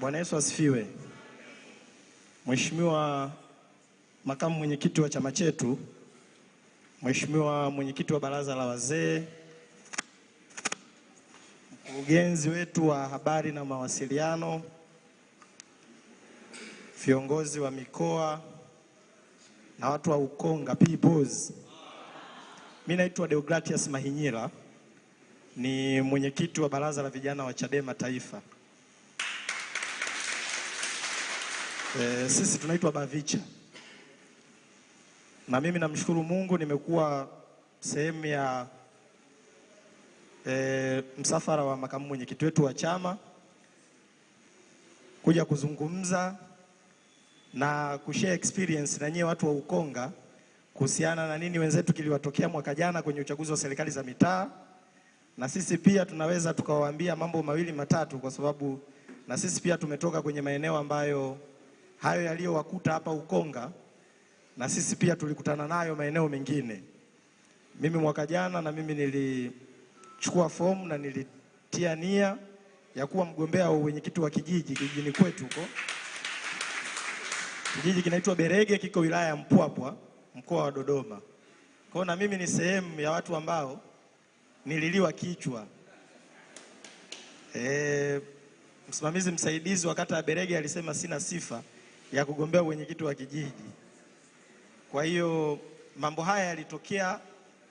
Bwana Yesu asifiwe. Mheshimiwa makamu mwenyekiti wa chama chetu, Mheshimiwa mwenyekiti wa baraza la wazee, mkurugenzi wetu wa habari na mawasiliano, viongozi wa mikoa na watu wa Ukonga peoples. Mimi naitwa Deogratias Mahinyila, ni mwenyekiti wa baraza la vijana wa Chadema Taifa. E, sisi tunaitwa Bavicha na mimi namshukuru Mungu nimekuwa sehemu ya e, msafara wa makamu mwenyekiti wetu wa chama kuja kuzungumza na kushare experience na nyie watu wa Ukonga kuhusiana na nini wenzetu kiliwatokea mwaka jana kwenye uchaguzi wa serikali za mitaa, na sisi pia tunaweza tukawaambia mambo mawili matatu, kwa sababu na sisi pia tumetoka kwenye maeneo ambayo hayo yaliyowakuta hapa Ukonga na sisi pia tulikutana nayo maeneo mengine. Mimi mwaka jana na mimi nilichukua fomu na nilitia nia ya kuwa mgombea wa wenyekiti wa kijiji kijijini kwetu huko. Kijiji kinaitwa Berege, kiko wilaya ya Mpwapwa, mkoa wa Dodoma. Kwao na mimi ni sehemu ya watu ambao nililiwa kichwa. E, msimamizi msaidizi wa kata ya Berege alisema sina sifa ya kugombea wenyekiti wa kijiji. Kwa hiyo mambo haya yalitokea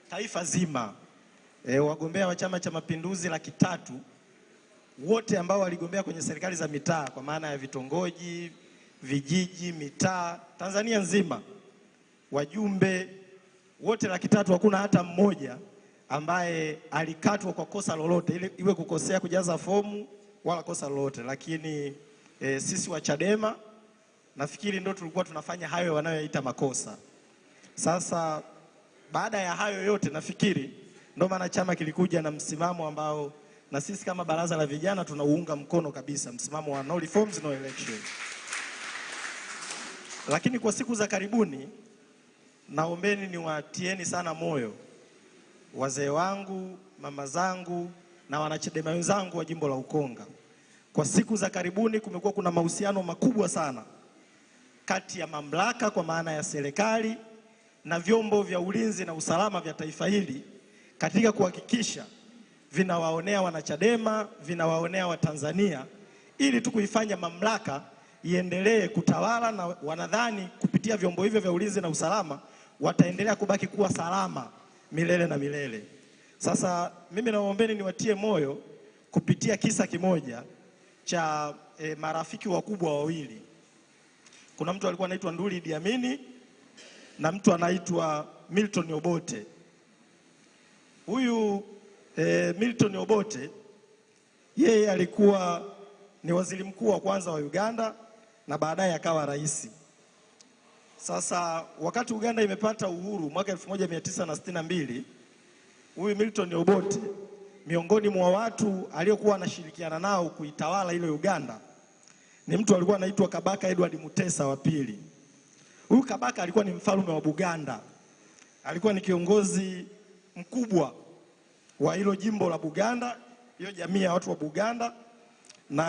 taifa zima. E, wagombea wa Chama cha Mapinduzi laki tatu wote ambao waligombea kwenye serikali za mitaa kwa maana ya vitongoji, vijiji, mitaa Tanzania nzima, wajumbe wote laki tatu, hakuna hata mmoja ambaye alikatwa kwa kosa lolote, ili iwe kukosea kujaza fomu wala kosa lolote. Lakini e, sisi wa Chadema Nafikiri ndo tulikuwa tunafanya hayo wanayoyaita makosa. Sasa baada ya hayo yote, nafikiri ndo maana chama kilikuja na msimamo ambao na sisi kama baraza la vijana tunauunga mkono kabisa, msimamo wa no reforms no election. Lakini kwa siku za karibuni, naombeni niwatieni sana moyo wazee wangu, mama zangu na wanachadema wenzangu wa jimbo la Ukonga. Kwa siku za karibuni kumekuwa kuna mahusiano makubwa sana kati ya mamlaka kwa maana ya serikali na vyombo vya ulinzi na usalama vya taifa hili katika kuhakikisha vinawaonea wanachadema vinawaonea Watanzania ili tu kuifanya mamlaka iendelee kutawala, na wanadhani kupitia vyombo hivyo vya ulinzi na usalama wataendelea kubaki kuwa salama milele na milele. Sasa mimi nawaombeni niwatie moyo kupitia kisa kimoja cha e, marafiki wakubwa wawili kuna mtu alikuwa anaitwa Nduli Idi Amini na mtu anaitwa Milton Obote. Huyu e, Milton Obote yeye alikuwa ni waziri mkuu wa kwanza wa Uganda na baadaye akawa rais. Sasa wakati Uganda imepata uhuru mwaka 1962 huyu Milton Obote miongoni mwa watu aliyokuwa anashirikiana nao kuitawala ile Uganda ni mtu alikuwa anaitwa Kabaka Edward Mutesa wa pili. Huyu Kabaka alikuwa ni mfalme wa Buganda, alikuwa ni kiongozi mkubwa wa hilo jimbo la Buganda, hiyo jamii ya watu wa Buganda, na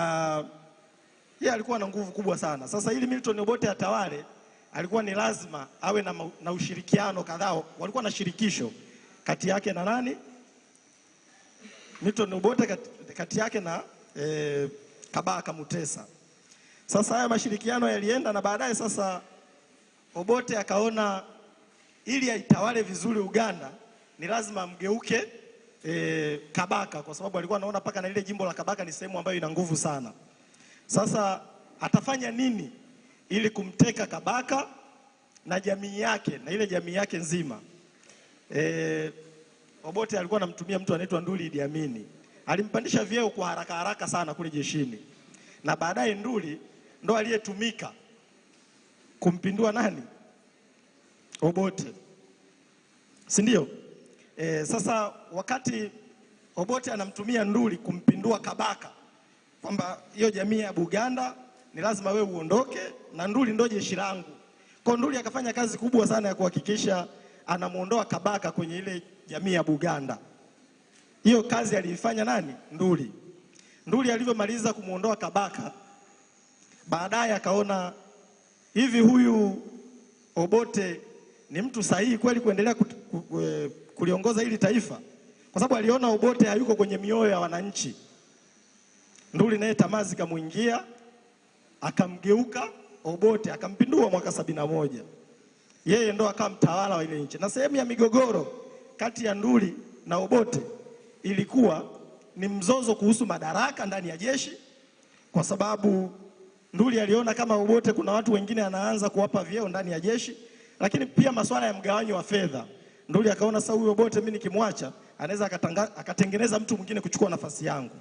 yeye alikuwa na nguvu kubwa sana. Sasa ili Milton Obote atawale, alikuwa ni lazima awe na, na ushirikiano kadhaa, walikuwa na shirikisho kati yake na nani, Milton Obote kati, kati yake na eh, Kabaka Mutesa. Sasa haya mashirikiano yalienda na baadaye sasa Obote akaona ili aitawale vizuri Uganda ni lazima amgeuke e, Kabaka kwa sababu alikuwa anaona paka na lile jimbo la Kabaka ni sehemu ambayo ina nguvu sana. Sasa atafanya nini ili kumteka Kabaka na jamii yake na ile jamii yake nzima? E, Obote alikuwa anamtumia mtu anaitwa Nduli Idi Amini. Alimpandisha vyeo kwa haraka haraka sana kule jeshini na baadaye Nduli ndo aliyetumika kumpindua nani? Obote, si ndio? E, sasa wakati Obote anamtumia Nduli kumpindua Kabaka kwamba hiyo jamii ya Buganda ni lazima we uondoke na Nduli ndo jeshi langu. Kwa Nduli akafanya kazi kubwa sana ya kuhakikisha anamuondoa Kabaka kwenye ile jamii ya Buganda. Hiyo kazi aliifanya nani? Nduli. Nduli alivyomaliza kumwondoa Kabaka Baadaye akaona hivi, huyu Obote ni mtu sahihi kweli kuendelea eh, kuliongoza hili taifa, kwa sababu aliona Obote hayuko kwenye mioyo ya wananchi. Nduli naye tamaa zikamwingia, akamgeuka Obote, akampindua mwaka sabini na moja. Yeye ndo akawa mtawala wa ile nchi, na sehemu ya migogoro kati ya Nduli na Obote ilikuwa ni mzozo kuhusu madaraka ndani ya jeshi kwa sababu Nduli aliona kama Obote kuna watu wengine anaanza kuwapa vyeo ndani ya jeshi, lakini pia masuala ya mgawanyo wa fedha. Nduli akaona sasa huyo Obote mimi nikimwacha anaweza akatengeneza mtu mwingine kuchukua nafasi yangu.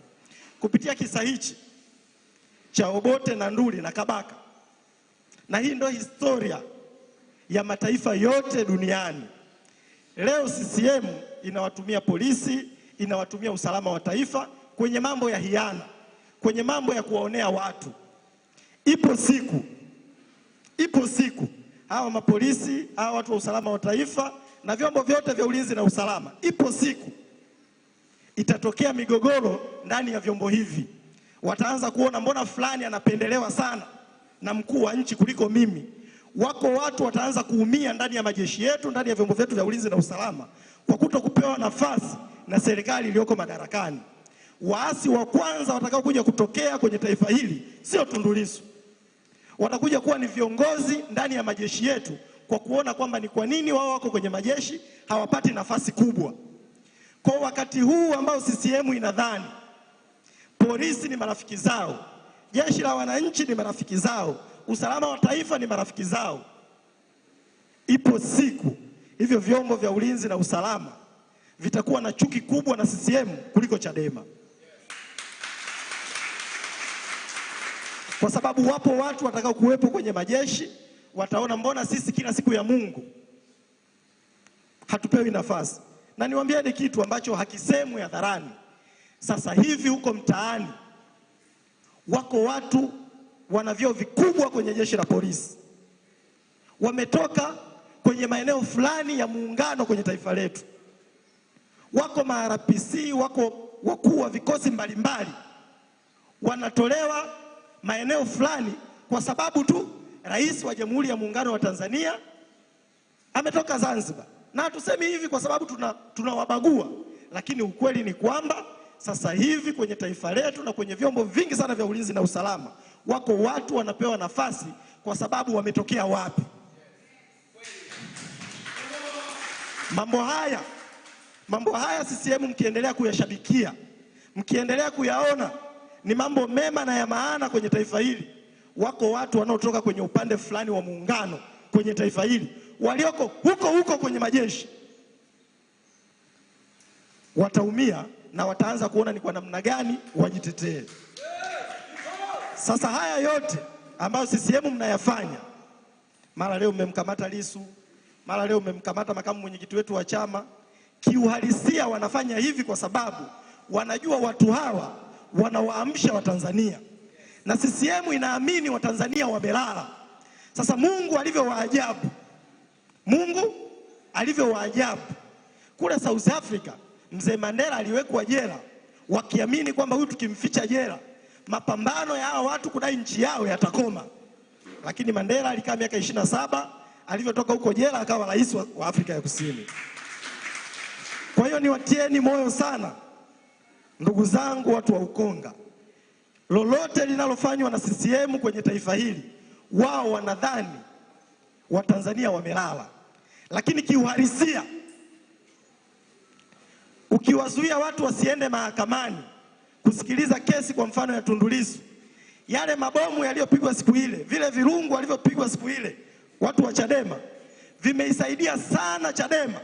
Kupitia kisa hichi cha Obote na Nduli na Kabaka, na hii ndio historia ya mataifa yote duniani. Leo CCM inawatumia polisi, inawatumia usalama wa taifa kwenye mambo ya hiana, kwenye mambo ya kuwaonea watu. Ipo siku, ipo siku hawa mapolisi hawa watu wa usalama wa taifa na vyombo vyote vya ulinzi na usalama, ipo siku itatokea migogoro ndani ya vyombo hivi. Wataanza kuona mbona fulani anapendelewa sana na mkuu wa nchi kuliko mimi. Wako watu wataanza kuumia ndani ya majeshi yetu, ndani ya vyombo vyetu vya ulinzi na usalama kwa kuto kupewa nafasi na serikali iliyoko madarakani. Waasi wa kwanza watakao kuja kutokea kwenye taifa hili sio Tundu Lissu wanakuja kuwa ni viongozi ndani ya majeshi yetu kwa kuona kwamba ni kwa nini wao wako kwenye majeshi hawapati nafasi kubwa. Kwa wakati huu ambao CCM inadhani polisi ni marafiki zao, jeshi la wananchi ni marafiki zao, usalama wa taifa ni marafiki zao, ipo siku hivyo vyombo vya ulinzi na usalama vitakuwa na chuki kubwa na CCM kuliko Chadema. kwa sababu wapo watu watakao kuwepo kwenye majeshi wataona mbona sisi kila siku ya Mungu hatupewi nafasi. Na ni kitu ambacho hakisemwi hadharani. Sasa hivi huko mtaani wako watu wana vyeo vikubwa kwenye jeshi la polisi, wametoka kwenye maeneo fulani ya muungano kwenye taifa letu, wako ma RPC, wako wakuu wa vikosi mbalimbali wanatolewa maeneo fulani kwa sababu tu rais wa Jamhuri ya Muungano wa Tanzania ametoka Zanzibar. Na hatusemi hivi kwa sababu tunawabagua, tuna lakini ukweli ni kwamba sasa hivi kwenye taifa letu na kwenye vyombo vingi sana vya ulinzi na usalama wako watu wanapewa nafasi kwa sababu wametokea wapi. Mambo haya mambo haya CCM mkiendelea kuyashabikia, mkiendelea kuyaona ni mambo mema na ya maana kwenye taifa hili. Wako watu wanaotoka kwenye upande fulani wa muungano kwenye taifa hili walioko huko huko kwenye majeshi wataumia na wataanza kuona ni kwa namna gani wajitetee. Sasa haya yote ambayo CCM mnayafanya, mara leo mmemkamata Lisu, mara leo mmemkamata makamu mwenyekiti wetu wa chama, kiuhalisia wanafanya hivi kwa sababu wanajua watu hawa wanawaamsha Watanzania na CCM inaamini Watanzania wamelala. Sasa Mungu alivyowaajabu, Mungu alivyowaajabu, kule South Africa mzee Mandela aliwekwa jela wakiamini kwamba huyu tukimficha jela mapambano ya hawa watu kudai nchi yao yatakoma, lakini Mandela alikaa miaka ishirini na saba. Alivyotoka huko jela akawa rais wa Afrika ya Kusini. Kwa hiyo niwatieni moyo sana. Ndugu zangu watu wa Ukonga, lolote linalofanywa na CCM kwenye taifa hili, wao wanadhani Watanzania wamelala, lakini kiuhalisia, ukiwazuia watu wasiende mahakamani kusikiliza kesi, kwa mfano ya Tundu Lissu, yale mabomu yaliyopigwa siku ile, vile virungu walivyopigwa siku ile watu wa Chadema, vimeisaidia sana Chadema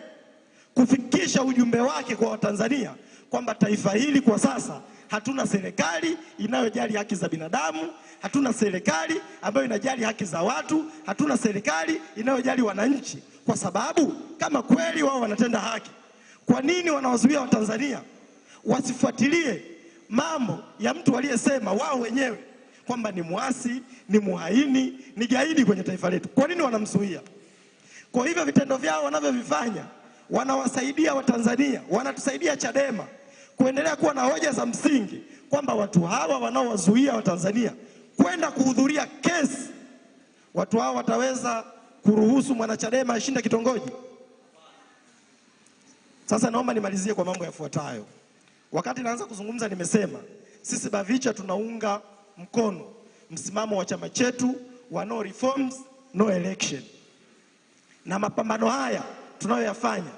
kufikisha ujumbe wake kwa Watanzania kwamba taifa hili kwa sasa hatuna serikali inayojali haki za binadamu, hatuna serikali ambayo inajali haki za watu, hatuna serikali inayojali wananchi. Kwa sababu kama kweli wao wanatenda haki, kwa nini wanawazuia Watanzania wasifuatilie mambo ya mtu aliyesema wao wenyewe kwamba ni mwasi, ni muhaini, ni gaidi kwenye taifa letu? Kwa nini wanamzuia? Kwa hivyo vitendo vyao wanavyovifanya wanawasaidia Watanzania, wanatusaidia Chadema kuendelea kuwa na hoja za msingi kwamba watu hawa wanaowazuia Watanzania kwenda kuhudhuria kesi, watu hawa wataweza kuruhusu mwanachadema ashinde kitongoji? Sasa naomba nimalizie kwa mambo yafuatayo. Wakati naanza kuzungumza, nimesema sisi Bavicha tunaunga mkono msimamo wa chama chetu wa no reforms no election na mapambano haya tunayoyafanya,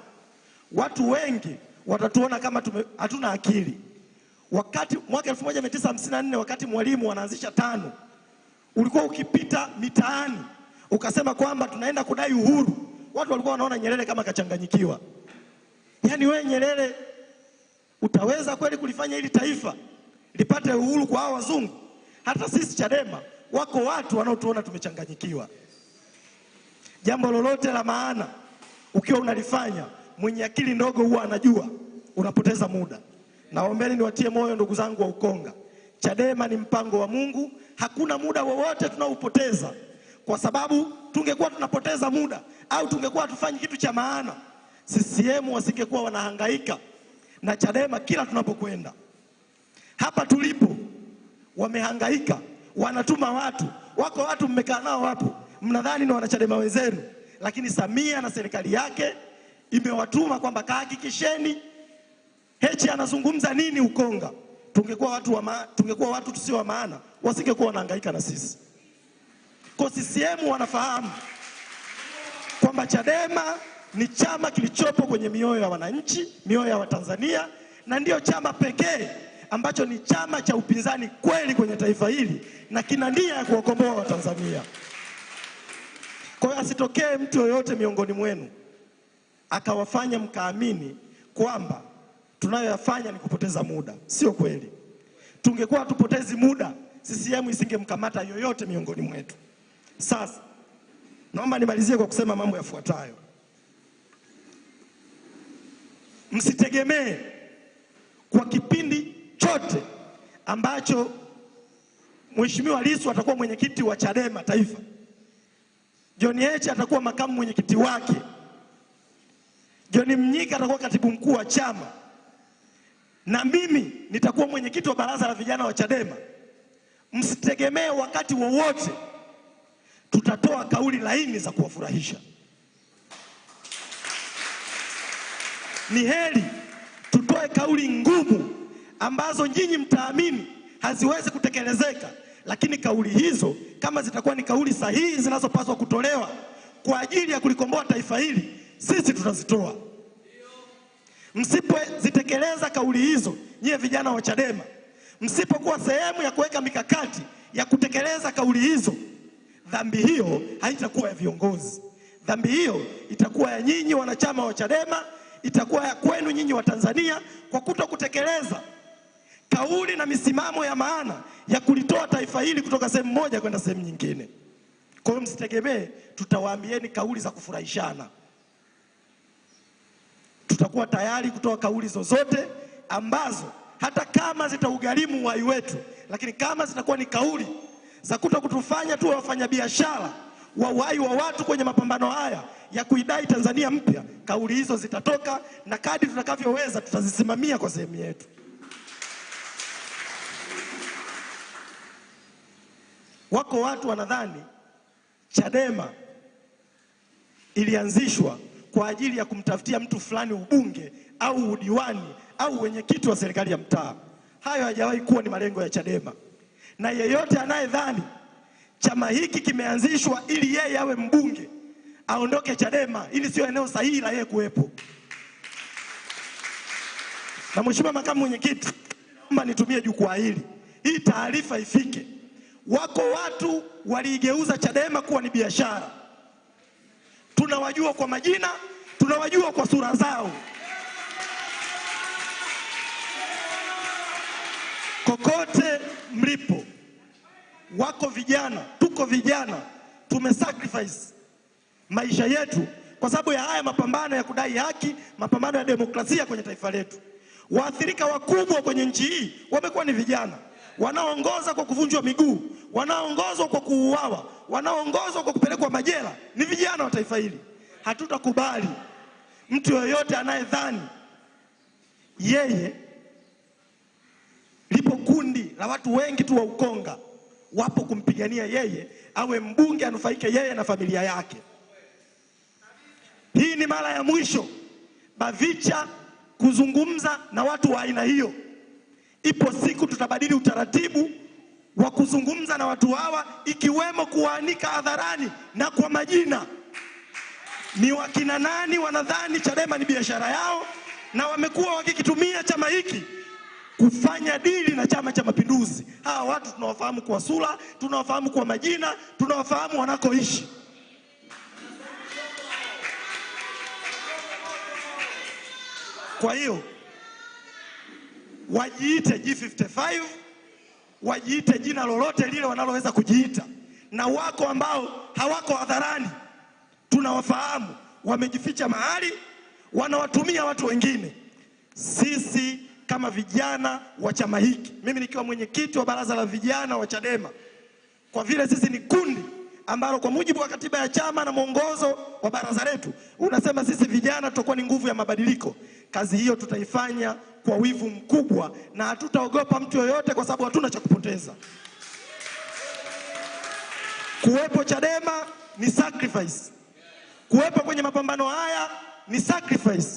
watu wengi watatuona kama tume, hatuna akili. Wakati mwaka 1954 wakati Mwalimu anaanzisha tano, ulikuwa ukipita mitaani ukasema kwamba tunaenda kudai uhuru, watu walikuwa wanaona Nyerere kama kachanganyikiwa. Yaani wewe Nyerere, utaweza kweli kulifanya hili taifa lipate uhuru kwa hao wazungu? Hata sisi Chadema wako watu wanaotuona tumechanganyikiwa. Jambo lolote la maana ukiwa unalifanya, mwenye akili ndogo huwa anajua unapoteza muda. Naombeni niwatie moyo ndugu zangu wa Ukonga, Chadema ni mpango wa Mungu, hakuna muda wowote tunaupoteza kwa sababu tungekuwa tunapoteza muda au tungekuwa hatufanyi kitu cha maana, CCM wasingekuwa wanahangaika na Chadema kila tunapokwenda. Hapa tulipo wamehangaika, wanatuma watu, wako watu mmekaa nao hapo, mnadhani ni wanachadema wenzenu lakini Samia na serikali yake imewatuma kwamba kahakikisheni Heche anazungumza nini Ukonga. Tungekuwa watu wa ma, tungekuwa watu tusio wa maana, wasingekuwa wanahangaika na sisi. Kwa CCM wanafahamu kwamba Chadema ni chama kilichopo kwenye mioyo ya wananchi, mioyo ya Watanzania, na ndiyo chama pekee ambacho ni chama cha upinzani kweli kwenye taifa hili na kina nia ya kuwakomboa Watanzania. Kwa hiyo asitokee mtu yoyote miongoni mwenu akawafanya mkaamini kwamba tunayoyafanya ni kupoteza muda. Sio kweli. Tungekuwa tupotezi muda, CCM isingemkamata yoyote miongoni mwetu. Sasa naomba nimalizie kwa kusema mambo yafuatayo. Msitegemee kwa kipindi chote ambacho Mheshimiwa Lissu atakuwa mwenyekiti wa Chadema taifa John Heche atakuwa makamu mwenyekiti wake, John Mnyika atakuwa katibu mkuu wa chama na mimi nitakuwa mwenyekiti wa baraza la vijana wa Chadema. Msitegemee wakati wowote tutatoa kauli laini za kuwafurahisha. Ni heri tutoe kauli ngumu ambazo nyinyi mtaamini haziwezi kutekelezeka. Lakini kauli hizo kama zitakuwa ni kauli sahihi zinazopaswa kutolewa kwa ajili ya kulikomboa taifa hili, sisi tutazitoa. Msipozitekeleza kauli hizo, nyie vijana wa Chadema, msipokuwa sehemu ya kuweka mikakati ya kutekeleza kauli hizo, dhambi hiyo haitakuwa ya viongozi. Dhambi hiyo itakuwa ya nyinyi wanachama wa Chadema, itakuwa ya kwenu nyinyi wa Tanzania kwa kuto kutekeleza kauli na misimamo ya maana ya kulitoa taifa hili kutoka sehemu moja kwenda sehemu nyingine. Kwa hiyo msitegemee tutawaambieni kauli za kufurahishana. Tutakuwa tayari kutoa kauli zozote ambazo hata kama zitaugharimu uhai wetu, lakini kama zitakuwa ni kauli za kuto kutufanya tu wafanyabiashara wa uhai wa watu kwenye mapambano haya ya kuidai Tanzania mpya, kauli hizo zitatoka na kadri tutakavyoweza tutazisimamia kwa sehemu yetu. Wako watu wanadhani Chadema ilianzishwa kwa ajili ya kumtafutia mtu fulani ubunge au udiwani au wenyekiti wa serikali ya mtaa. Hayo hajawahi kuwa ni malengo ya Chadema, na yeyote anayedhani chama hiki kimeanzishwa ili yeye awe mbunge aondoke Chadema, ili sio eneo sahihi la yeye kuwepo. Na mheshimiwa makamu mwenyekiti, naomba nitumie jukwaa hili, hii taarifa ifike Wako watu waliigeuza Chadema kuwa ni biashara. Tunawajua kwa majina, tunawajua kwa sura zao. Kokote mlipo, wako vijana, tuko vijana, tumesacrifice maisha yetu kwa sababu ya haya mapambano ya kudai haki, mapambano ya demokrasia kwenye taifa letu. Waathirika wakubwa kwenye nchi hii wamekuwa ni vijana wanaoongoza kwa kuvunjwa miguu wanaoongozwa kwa kuuawa, wanaoongozwa kwa kupelekwa majela ni vijana wa taifa hili. Hatutakubali mtu yoyote anayedhani yeye lipo kundi la watu wengi tu wa Ukonga wapo kumpigania yeye awe mbunge anufaike yeye na familia yake. Hii ni mara ya mwisho Bavicha kuzungumza na watu wa aina hiyo. Ipo siku tutabadili utaratibu wa kuzungumza na watu hawa, ikiwemo kuwaanika hadharani na kwa majina. Ni wakina nani wanadhani Chadema ni biashara yao, na wamekuwa wakikitumia chama hiki kufanya dili na Chama cha Mapinduzi. Hawa watu tunawafahamu kwa sura, tunawafahamu kwa majina, tunawafahamu wanakoishi. Kwa hiyo wajiite G55 wajiite jina lolote lile wanaloweza kujiita, na wako ambao hawako hadharani, tunawafahamu, wamejificha mahali, wanawatumia watu wengine. Sisi kama vijana wa chama hiki, mimi nikiwa mwenyekiti wa baraza la vijana wa Chadema, kwa vile sisi ni kundi ambalo kwa mujibu wa katiba ya chama na mwongozo wa baraza letu unasema sisi vijana tutakuwa ni nguvu ya mabadiliko. Kazi hiyo tutaifanya kwa wivu mkubwa na hatutaogopa mtu yoyote, kwa sababu hatuna cha kupoteza. Kuwepo Chadema ni sacrifice, kuwepo kwenye mapambano haya ni sacrifice,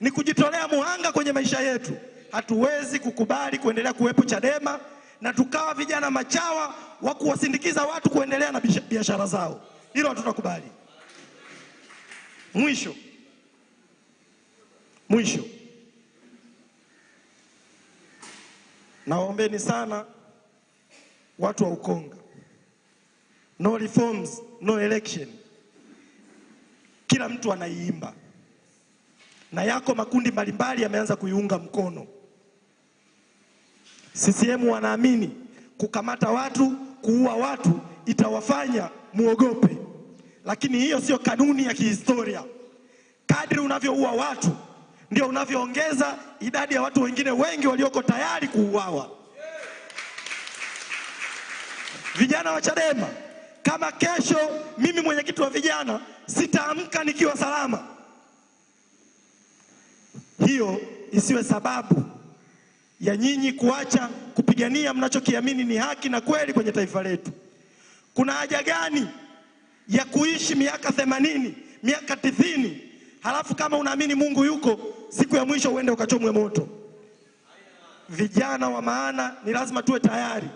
ni kujitolea muhanga kwenye maisha yetu. Hatuwezi kukubali kuendelea kuwepo Chadema na tukawa vijana machawa wa kuwasindikiza watu kuendelea na biashara zao. Hilo hatutakubali. Mwisho mwisho, nawaombeni sana watu wa Ukonga, no reforms no election. Kila mtu anaiimba na yako makundi mbalimbali yameanza kuiunga mkono. CCM wanaamini kukamata watu, kuua watu itawafanya muogope, lakini hiyo sio kanuni ya kihistoria. Kadri unavyoua watu ndio unavyoongeza idadi ya watu wengine wengi walioko tayari kuuawa. Vijana wa Chadema, kama kesho mimi mwenyekiti wa vijana sitaamka nikiwa salama, hiyo isiwe sababu ya nyinyi kuacha kupigania mnachokiamini ni haki na kweli kwenye taifa letu. Kuna haja gani ya kuishi miaka themanini, miaka tisini, halafu kama unaamini Mungu yuko, siku ya mwisho uende ukachomwe moto? Vijana wa maana, ni lazima tuwe tayari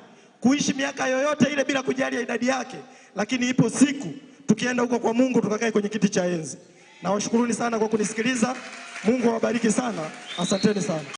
kuishi miaka yoyote ile bila kujali ya idadi yake, lakini ipo siku tukienda huko kwa Mungu tukakae kwenye kiti cha enzi. Nawashukuruni sana kwa kunisikiliza. Mungu awabariki sana, asanteni sana.